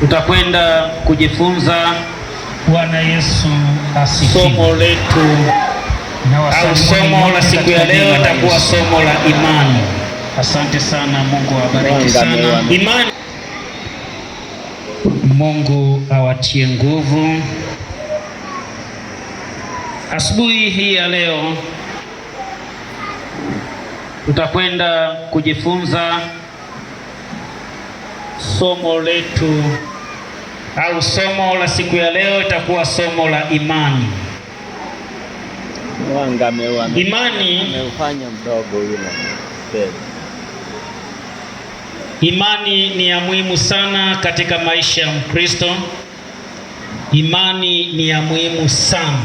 tutakwenda kujifunza. Bwana Yesu asifiwe. Somo letu au somo la siku ya leo atakuwa somo la imani. Asante sana, Mungu awabariki sana. Imani. Mungu awatie nguvu. Asubuhi hii ya leo tutakwenda kujifunza somo letu au somo la siku ya leo itakuwa somo la imani. imani ameufanya mdogo yule Imani ni ya muhimu sana katika maisha ya Mkristo. Imani ni ya muhimu sana.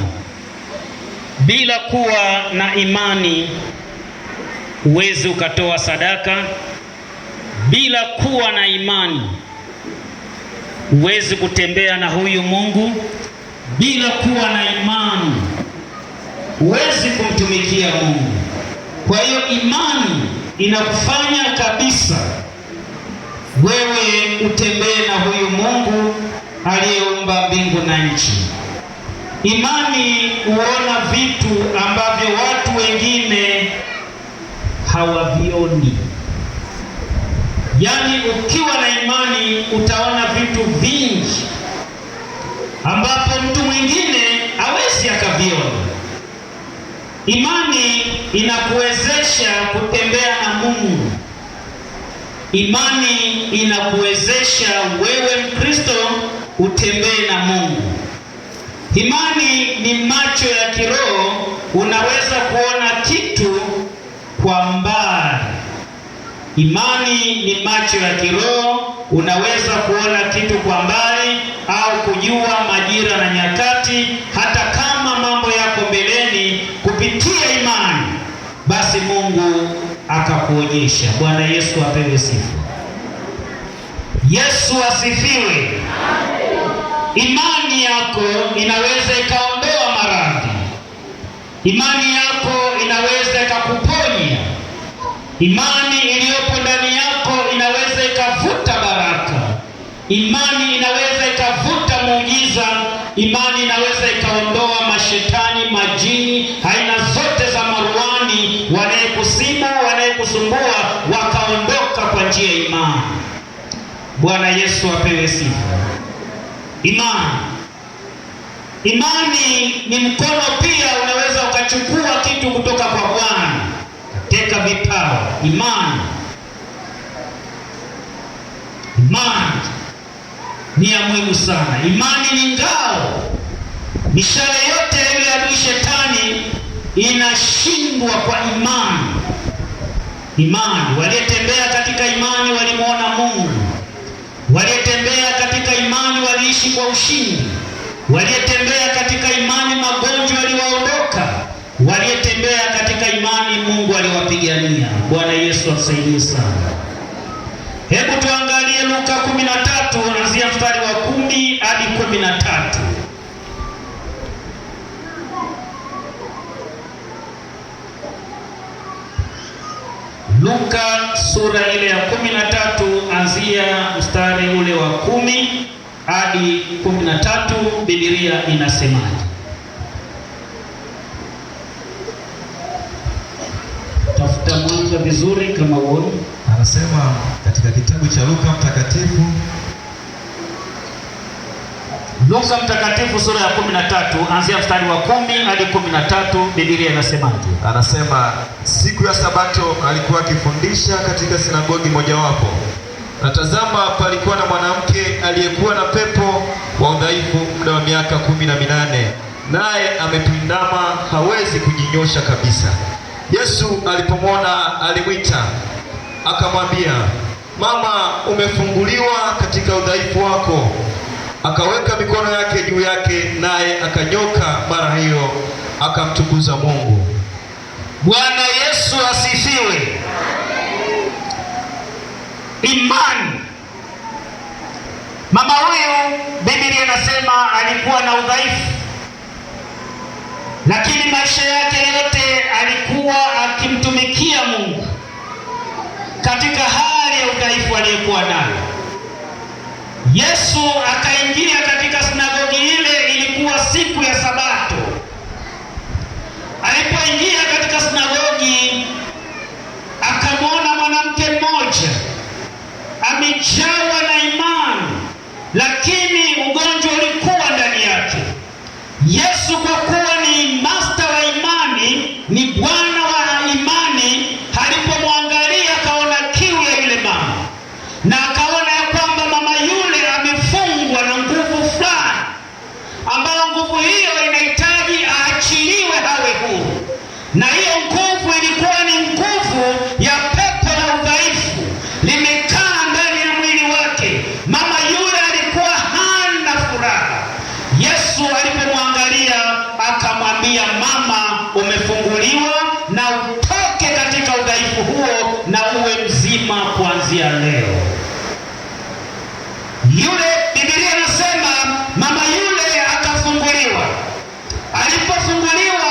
Bila kuwa na imani huwezi ukatoa sadaka bila kuwa na imani huwezi kutembea na huyu Mungu. Bila kuwa na imani huwezi kumtumikia Mungu. Kwa hiyo imani inakufanya kabisa wewe utembee na huyu Mungu aliyeumba mbingu na nchi. Imani huona vitu ambavyo watu wengine hawavioni. Yaani, ukiwa na imani utaona vitu vingi ambapo mtu mwingine hawezi akaviona. Imani inakuwezesha kutembea na Mungu. Imani inakuwezesha wewe Mkristo utembee na Mungu. Imani ni macho ya kiroho, unaweza kuona kitu kwa mbali Imani ni macho ya kiroho, unaweza kuona kitu kwa mbali au kujua majira na nyakati, hata kama mambo yako mbeleni. Kupitia imani, basi Mungu akakuonyesha. Bwana Yesu apewe sifa. Yesu asifiwe. Imani yako inaweza ikaondoa maradhi, imani yako inaweza ikakuponya, imani iliyo Imani inaweza ikavuta muujiza, imani inaweza ikaondoa mashetani, majini, aina zote za maruani, wanayekusimu, wanayekusumbua, wakaondoka kwa njia ya imani. Bwana Yesu apewe sifa. Imani, imani ni mkono pia, unaweza ukachukua kitu kutoka kwa Bwana katika vipawa. Imani, imani ni ya muhimu sana. Imani ni ngao. Mishale yote ya adui shetani inashindwa kwa imani. Imani, waliotembea katika imani walimwona Mungu, waliotembea katika imani waliishi kwa ushindi, waliotembea katika imani magonjwa yaliwaondoka, waliotembea katika imani Mungu aliwapigania. Bwana Yesu asaidie sana. Hebu Luka kumi na tatu kuanzia mstari wa kumi hadi kumi na tatu. Luka sura ile ya kumi na tatu anzia mstari ule wa kumi hadi kumi na tatu Biblia inasemaje? Tafuta mwanga vizuri kama uone Anasema katika kitabu cha Luka Mtakatifu, Luka Mtakatifu sura ya 13 anzia mstari wa kumi hadi 13, Biblia inasemaje? Anasema siku ya Sabato alikuwa akifundisha katika sinagogi mojawapo, na tazama, palikuwa na mwanamke aliyekuwa na pepo wa udhaifu muda wa miaka kumi na minane, naye amepindama, hawezi kujinyosha kabisa. Yesu alipomwona alimwita akamwambia, mama, umefunguliwa katika udhaifu wako. Akaweka mikono yake juu yake, naye akanyoka mara hiyo, akamtukuza Mungu. Bwana Yesu asifiwe. Imani mama huyu, Biblia inasema alikuwa na udhaifu, lakini maisha yake yote alikuwa akimtumikia Mungu katika hali ya udhaifu aliyekuwa nayo. Yesu akaingia katika sinagogi ile, ilikuwa siku ya Sabato. Alipoingia katika sinagogi, akamwona mwanamke mmoja amejawa na imani, lakini ugonjwa ulikuwa ndani yake. Yesu kwa Yule Biblia inasema mama yule akafunguliwa, alipofunguliwa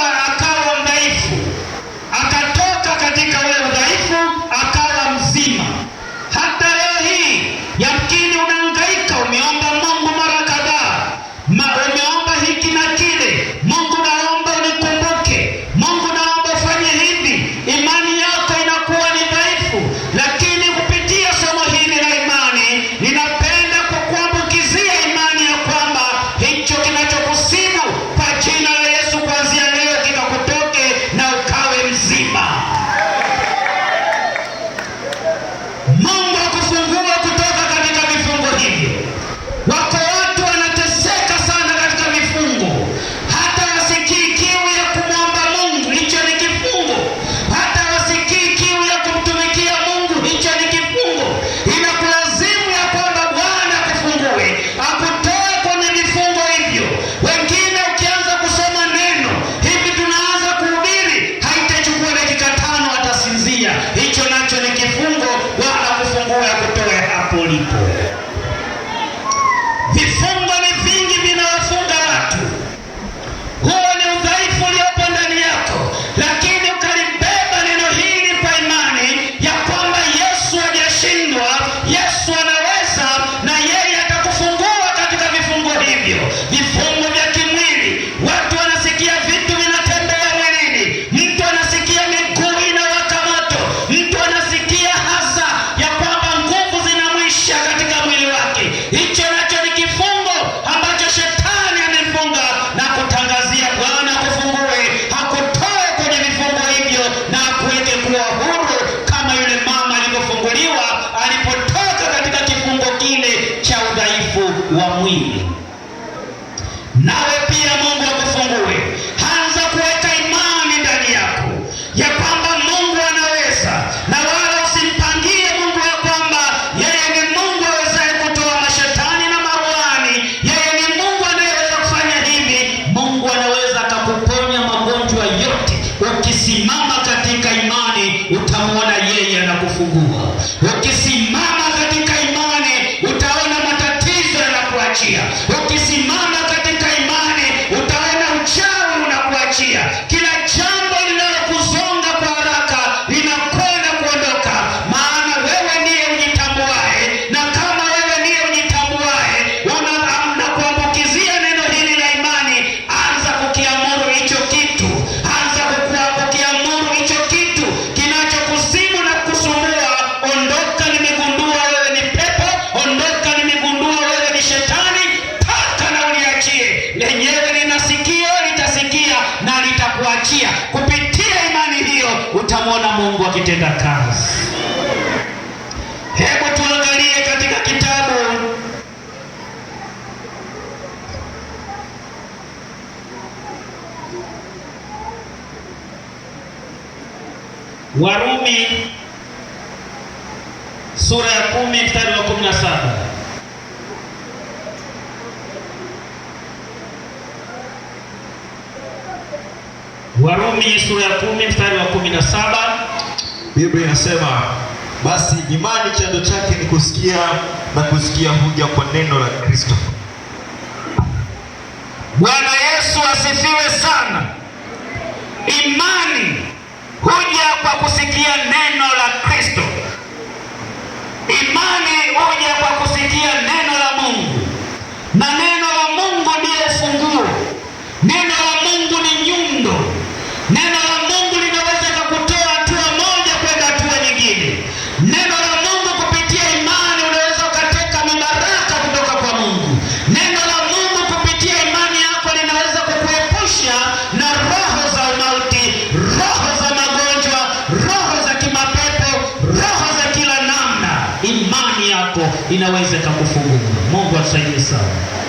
muito. nimegundua wewe ni pepo, ondoka, nimegundua wewe ni shetani, paka na uniachie. Lenyewe linasikia litasikia na litakuachia. Kupitia imani hiyo utamwona Mungu akitenda kazi. Hebu tuangalie katika kitabu Warumi sura ya kumi mstari wa kumi na saba Warumi sura ya kumi mstari wa kumi na saba Biblia inasema basi imani chanzo chake ni kusikia na kusikia huja kwa neno la Kristo. Bwana Yesu asifiwe sana. Imani huja kwa kusikia neno la Kristo. inaweza ikakufungua. Mungu atusaidie sana.